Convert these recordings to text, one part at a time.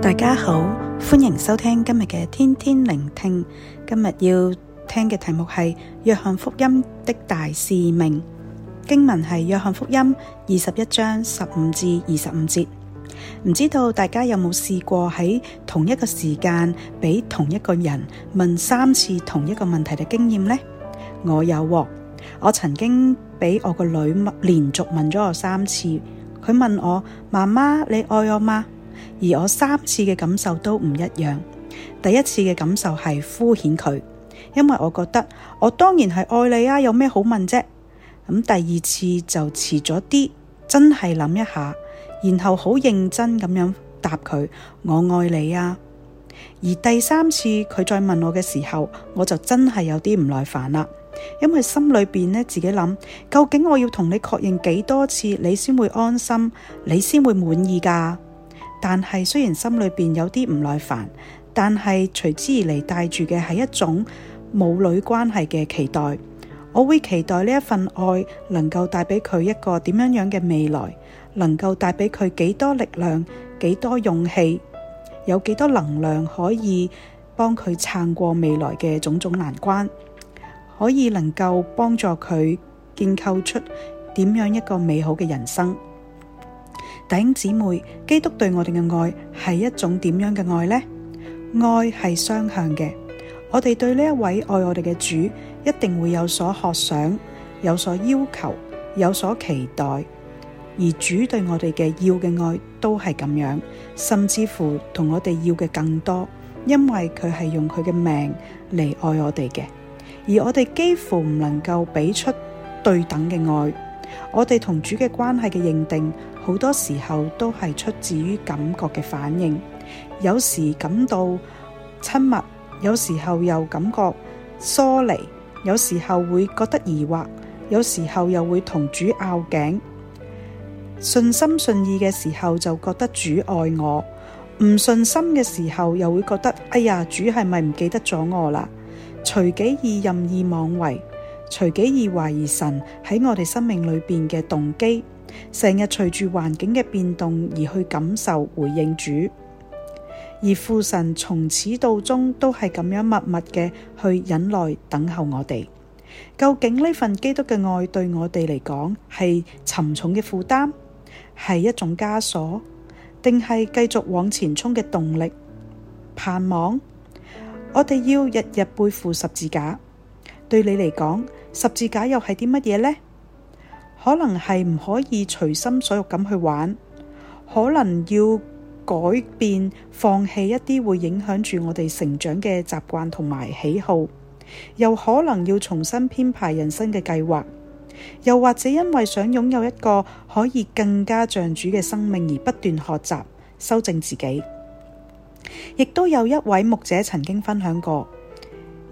大家好，歡迎收聽今日嘅天天聆聽。今日要聽嘅題目係《約翰福音的大使命》，經文係《約翰福音》二十一章十五至二十五節。唔知道大家有冇試過喺同一個時間俾同一個人問三次同一個問題嘅經驗呢？我有喎，我曾經畀我個女問，連續問咗我三次，佢問我：「媽媽，你愛我嗎？」而我三次嘅感受都唔一樣，第一次嘅感受係敷衍佢，因為我覺得我當然係愛你啊，有咩好問啫？咁第二次就遲咗啲，真係諗一下，然後好認真咁樣答佢，我愛你啊。而第三次佢再問我嘅時候，我就真係有啲唔耐煩啦，因為心裏邊呢自己諗，究竟我要同你確認幾多次，你先會安心，你先會滿意噶？但係雖然心裏邊有啲唔耐煩，但係隨之而嚟帶住嘅係一種母女關係嘅期待。我會期待呢一份愛能夠帶俾佢一個點樣樣嘅未來，能夠帶俾佢幾多力量、幾多勇氣、有幾多能量可以幫佢撐過未來嘅種種難關，可以能夠幫助佢建構出點樣一個美好嘅人生。弟兄姊妹，基督對我哋嘅愛係一種點樣嘅愛呢？愛係雙向嘅，我哋對呢一位愛我哋嘅主，一定會有所渴想，有所要求，有所期待。而主對我哋嘅要嘅愛都係咁樣，甚至乎同我哋要嘅更多，因為佢係用佢嘅命嚟愛我哋嘅，而我哋幾乎唔能夠俾出對等嘅愛。我哋同主嘅關係嘅認定，好多時候都係出自於感覺嘅反應。有時感到親密，有時候又感覺疏離，有時候會覺得疑惑，有時候又會同主拗頸。順心順意嘅時候就覺得主愛我，唔順心嘅時候又會覺得，哎呀，主係咪唔記得咗我啦？隨己意任意妄為。隨己而懷疑神喺我哋生命裏邊嘅動機，成日隨住環境嘅變動而去感受回應主，而父神從始到終都係咁樣默默嘅去忍耐等候我哋。究竟呢份基督嘅愛對我哋嚟講係沉重嘅負擔，係一種枷鎖，定係繼續往前衝嘅動力、盼望？我哋要日日背負十字架。對你嚟講，十字架又係啲乜嘢呢？可能係唔可以隨心所欲咁去玩，可能要改變、放棄一啲會影響住我哋成長嘅習慣同埋喜好，又可能要重新編排人生嘅計劃，又或者因為想擁有一個可以更加像主嘅生命而不斷學習、修正自己。亦都有一位牧者曾經分享過。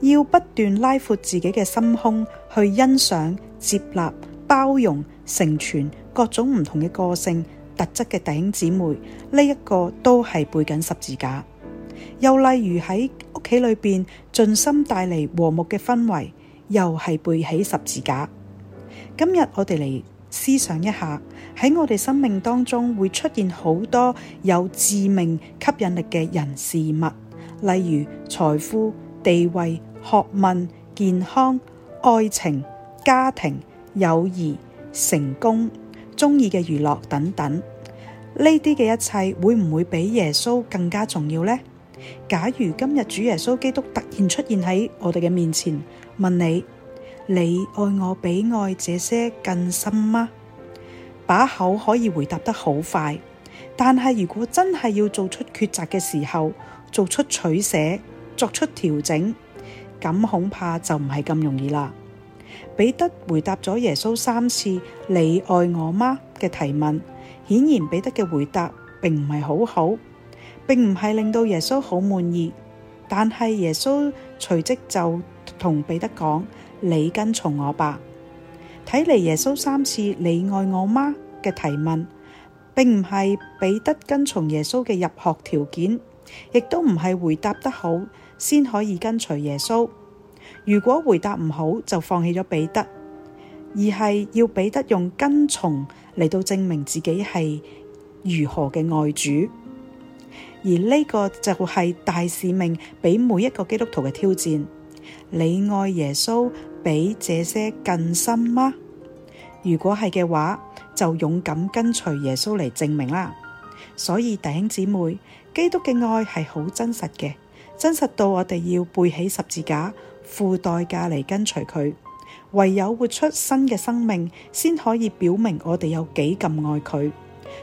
要不斷拉闊自己嘅心胸，去欣賞、接納、包容、成全各種唔同嘅個性特質嘅弟兄姊妹，呢一個都係背緊十字架。又例如喺屋企裏邊盡心帶嚟和睦嘅氛圍，又係背起十字架。今日我哋嚟思想一下，喺我哋生命當中會出現好多有致命吸引力嘅人事物，例如財富。地位、學問、健康、愛情、家庭、友誼、成功，中意嘅娛樂等等，呢啲嘅一切會唔會比耶穌更加重要呢？假如今日主耶穌基督突然出現喺我哋嘅面前，問你：你愛我比愛這些更深嗎？把口可以回答得好快，但係如果真係要做出抉擇嘅時候，做出取捨。作出調整，咁恐怕就唔係咁容易啦。彼得回答咗耶穌三次你愛我嗎嘅提問，顯然彼得嘅回答並唔係好好，並唔係令到耶穌好滿意。但係耶穌隨即就同彼得講：你跟從我吧。睇嚟，耶穌三次你愛我嗎嘅提問，並唔係彼得跟從耶穌嘅入學條件。亦都唔係回答得好先可以跟隨耶穌，如果回答唔好就放棄咗彼得，而係要彼得用跟從嚟到證明自己係如何嘅愛主，而呢個就係大使命俾每一個基督徒嘅挑戰。你愛耶穌比這些更深嗎？如果係嘅話，就勇敢跟隨耶穌嚟證明啦。所以弟兄姊妹，基督嘅愛係好真實嘅，真實到我哋要背起十字架，付代價嚟跟隨佢。唯有活出新嘅生命，先可以表明我哋有幾咁愛佢。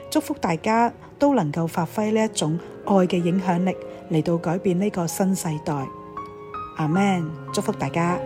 祝福大家都能夠發揮呢一種愛嘅影響力嚟到改變呢個新世代。阿門！祝福大家。